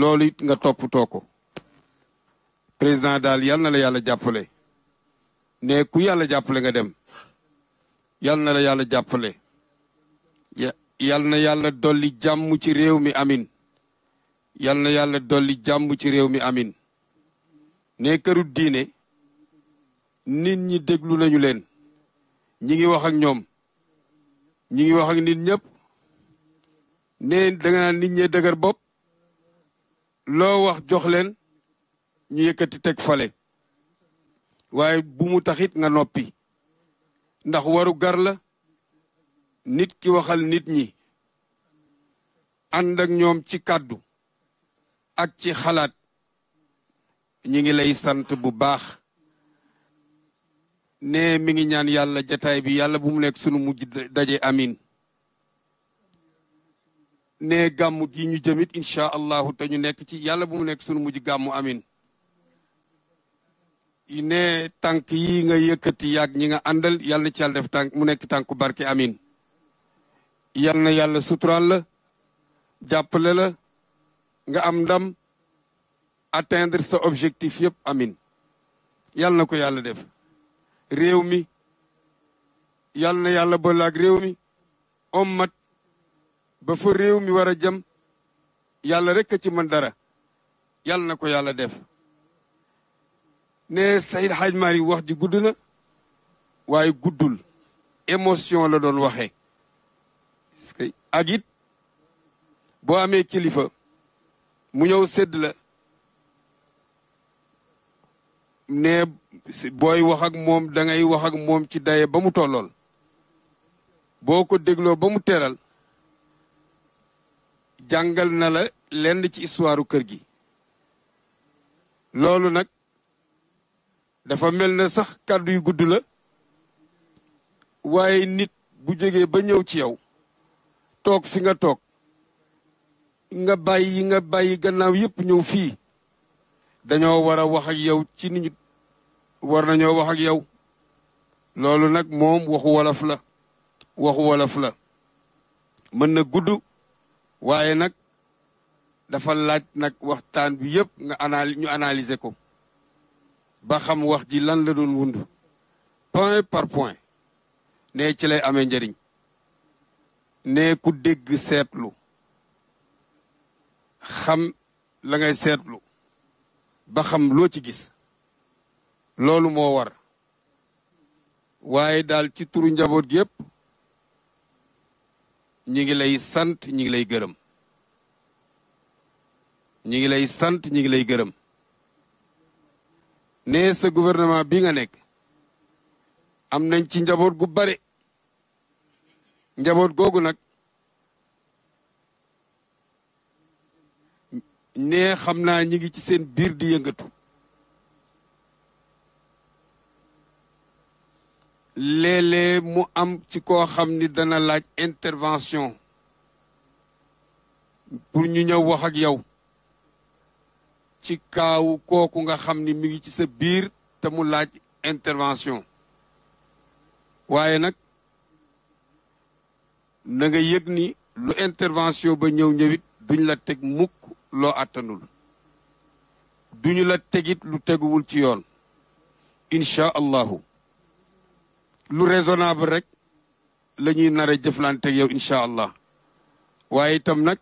loolu it nga toppatoo ko président daal yal na la yàlla jàppale ne ku yàlla jàppale nga dem yal na la yàlla jàppale yal na yàlla dolli jàmm ci réew mi amin yal na yàlla dolli jàmm ci réew mi amin ne këru diine nit ñi déglu nañu leen ñi ngi wax ak ñoom ñi ngi wax ak nit ñëpp ne da naa nit ñee dëgër bopp loo wax jox leen ñu yëkkati teg fale waaye bu mu taxit nga noppi ndax waru gar la nit ki waxal nit ñi ànd ak ñoom ci kàddu ak ci xalaat ñi ngi lay sant bu baax ne mi ngi ñaan yàlla jataay bi yàlla bu mu nekk sunu mujj daje amin ne gàmm gi ñu jëmit incha allahu te ñu nekk ci yàlla bu mu nekk sunu mujj gàmmu amin ne tànk yi nga yëkkati yaag ñi nga àndal yàlla ci yàlla def tànk mu nekk tànku barke amin yal na yàlla suturaal la jàppale la nga am ndam attendre sa objectif yëpp amin yal na ko yàlla def réew mi yal na yàlla boole réew mi ommat ba fa réew mi war a jëm yàlla rek a ci mën dara yàlla na ko yàlla def ne Seydi Hadj Malick wax ji gudd na waaye guddul émotion la doon waxee ak it boo amee kilifa mu ñëw sedd la ne booy wax ak moom da wax ak moom ci daye ba mu tollool boo ko dégloo ba mu teeral jàngal na la lenn ci histoire kër gi loolu nag dafa mel ne sax kàddu yu gudd la waaye nit bu jógee ba ñëw ci yow toog fi nga toog nga bàyyi nga bàyyi gannaaw yépp ñëw fii dañoo war a wax ak yow ci ni war nañoo wax ak yow loolu nag moom waxu wolof la waxu wolof la mën na gudd waaye nag dafa laaj nag waxtaan bi yëpp nga anal ñu analyser ko ba xam wax ji lan la doon wund point par point ne ci lay amee njariñ ne ku dégg seetlu xam la ngay seetlu ba xam loo ci gis loolu moo war waaye daal ci turu njaboot gi yëpp ñi ngi lay sant ñi ngi lay gërëm ñi ngi lay sant ñi ngi lay gërëm ne sa gouvernement bi nga nekk am nañ ci njaboot gu bare njaboot googu nag ne xam naa ñi ngi ci seen biir di yëngatu léeg mu am ci koo xam ni dana laaj intervention pour ñu ñëw wax ak yow ci kaawu kooku nga xam ni mi ngi ci sa biir te mu laaj intervention waaye nag na nga yëg ni lu intervention ba ñëw ñëwit duñ la teg mukk loo àttanul duñu la tegit lu teguwul ci yoon incha allahu lu raisonnable rek la ñuy nar a yow incha allah waaye itam nag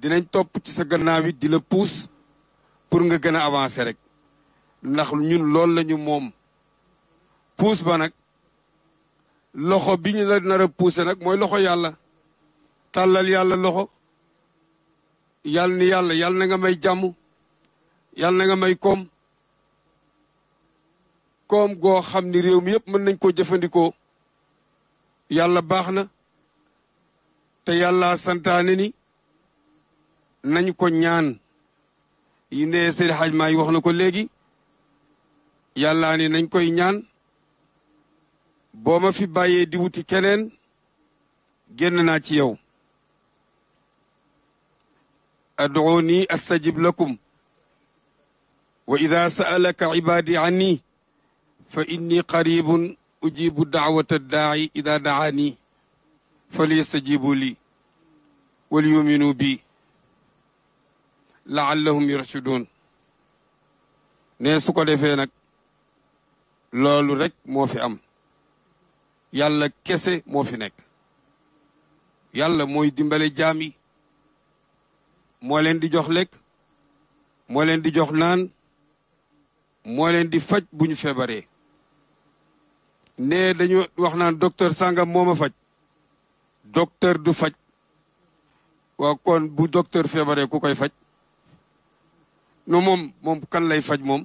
dinañ topp ci sa gannaaw it di la pousse pour nga gën a avancer rek ndax ñun loolu lañu moom pousse ba nag loxo bi ñu la nar a nag mooy loxo yàlla tàllal yàlla loxo yàlla ni yàlla yàlla na nga may jàmm yàlla na nga may koom koom goo xam ni réew mi yëpp mën nañ koo jëfandikoo yàlla baax na te yàlla santaane ni nañ ko ñaan yi ne Seydi Hajj Maalik wax na ko léegi yàlla ni nañ koy ñaan boo ma fi bàyyee diwuti keneen génn naa ci yow ad'uuni astajib lakum wa ida sa'alaka ibaadi anni fa inni qaribun ujibu daawata daa'i ida daani falyastajibu li wal yuminu bi laallahum yarshudun ne su ko defee nag loolu rek moo fi am yàlla kese moo fi nekk yàlla mooy dimbale jaam yi moo leen di jox lekk moo leen di jox naan moo leen di faj bu ñu feebaree ne dañu wax naan docteur sàngam moo ma faj docteur du faj waa kon bu docteur feebaree ku koy faj no moom moom kan lay faj moom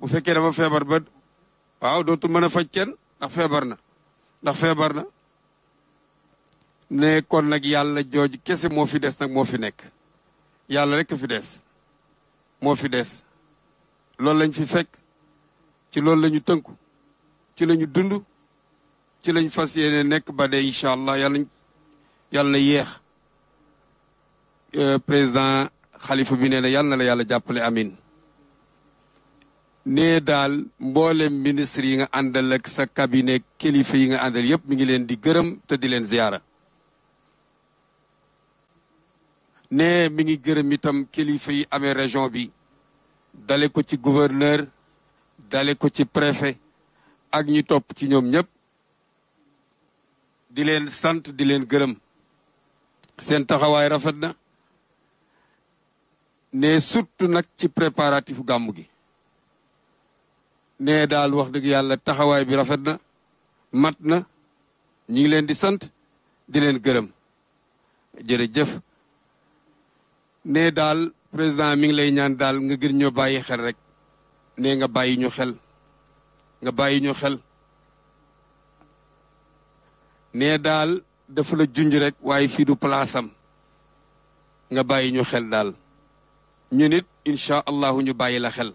bu fekkee dafa feebar ba waaw dootul mën a faj kenn ndax feebar na ndax feebar na ne kon nag yàlla jooju kese moo fi des nag moo fi nekk yàlla rekk fi des moo fi des loolu lañ fi fekk ci loolu lañu tënku ci la ñu dund ci lañ fas yéene nekk ba de incha allah yàlla yàlla na yéex euh, président xalifa bi nee na yàlla na la yàlla jàppale amin nee daal mboolem ministre yi nga àndal ak sa cabinet kilifa yi nga àndal yëpp mi ngi leen di gërëm te di leen ziyaara nee mi ngi gërëm itam kilifa yi amee région bi dale ko ci gouverneur dale ko ci préfet ak ñu topp ci ñoom ñëpp di leen sant di leen gërëm seen taxawaay rafet na ne surtout nag ci préparatif gàmm gi ne daal wax dëgg yàlla taxawaay bi rafet na mat na ñu ngi leen di sant di leen gërëm jërëjëf ne daal président mi ngi lay ñaan daal nga gën ñoo bàyyi xel rek ne nga bàyyi ñu xel nga bàyyi ñu xel nee daal dafa la junj rek waaye fii du palaasam nga bàyyi ñu xel daal ñu nit incha allahu ñu bàyyi la xel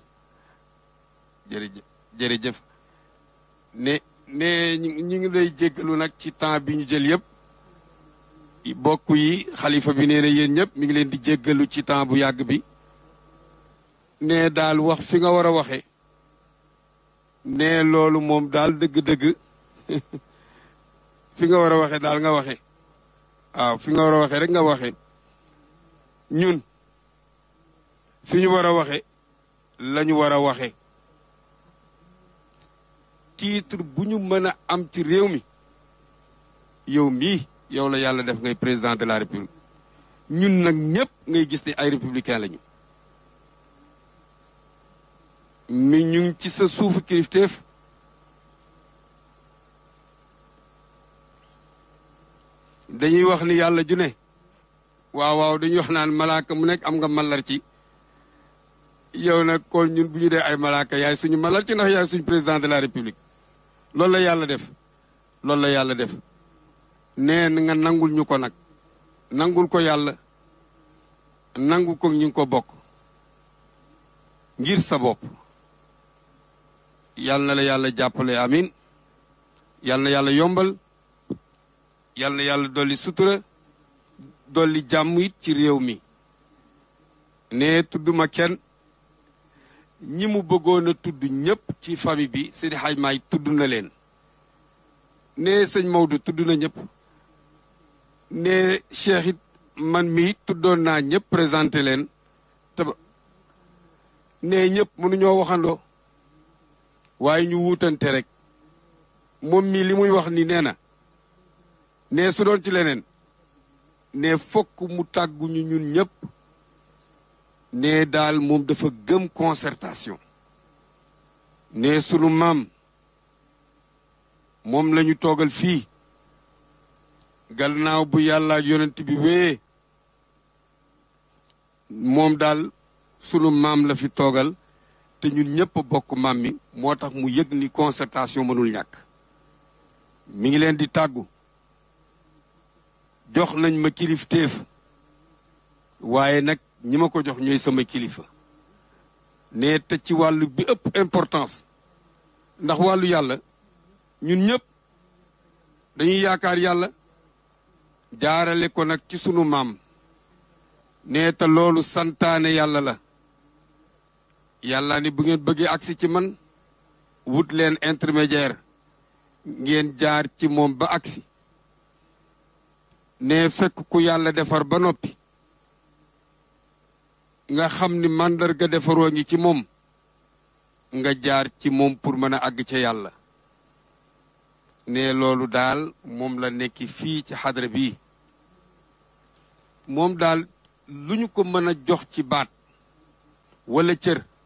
jërëjëf jërëjëf ne ne ñu ngi lay jéggalu nag ci temps bi ñu jël yëpp bokk yi xalifa bi nee na yéen ñëpp mi ngi leen di jéggalu ci temps bu yàgg bi ne daal wax fi nga war a waxe ne loolu moom daal dëgg-dëgg fi nga war a waxe daal nga waxe waaw fi nga war a waxe rek nga waxe ñun fi ñu war a waxe la ñu war a waxe titre bu ñu mën a am ci réew mi yow mii yow la yàlla def ngay président de la république ñun nag ñëpp ngay gis ni ay républicain lañu mi ñu ngi ci sa suufu kilifteef dañuy wax ni yàlla ju ne waaw waaw dañuy wax naan malaaka mu nekk am nga malar ci yow nag kon ñun bu ñu dee ay malaaka yaay suñu malar ci ndax yaay suñu président de la république loolu la yàlla def loolu la yàlla def nee nga nangul ñu ko nag nangul ko yàlla nangu ko ñu ngi ko bokk ngir sa bopp yal na la yàlla jàppale amin yal na yàlla yombal yal na yàlla dolli sutura dolli jàmm it ci réew mi ne tudduma kenn ñi mu bëggoon a tudd ñëpp ci famille bi Seydi Hadj Maay tudd na leen ne sëñ Maodo tudd na ñëpp ne Cheikh it man mi tuddoon naa ñëpp présenté leen te ne ñëpp mënuñoo waxandoo waaye ñu wuutante rek moom mii li muy wax ni nee na ne su doon ci leneen ne fokk mu tàgguñu ñun ñëpp ne daal moom dafa gëm consertation ne sunu maam moom lañu toogal fii gannaaw bu yàlla ak yonent bi wéyee moom daal sunu maam la fi toogal te ñun ñëpp bokk maam mi moo tax mu yëg ni concertation mënul ñàkk mi ngi leen di tàggu jox nañ ma kilif téef waaye nag ñi ma ko jox ñooy sama kilifa ne ci wàllu bi ëpp importance ndax wàllu yàlla ñun ñëpp dañuy yaakaar yàlla jaarale ko nag ci sunu maam ne loolu santaane yàlla la yàlla ni bu ngeen bëggee agsi ci man wut leen intermédiaire ngeen jaar ci moom ba agsi ne fekk ku yàlla defar ba noppi nga xam ni màndarga defaroo ngi ci moom nga jaar ci moom pour mën a àgg ca yàlla ne loolu daal moom la nekk fii ci xadra bii moom daal lu ñu ko mën a jox ci baat wala cër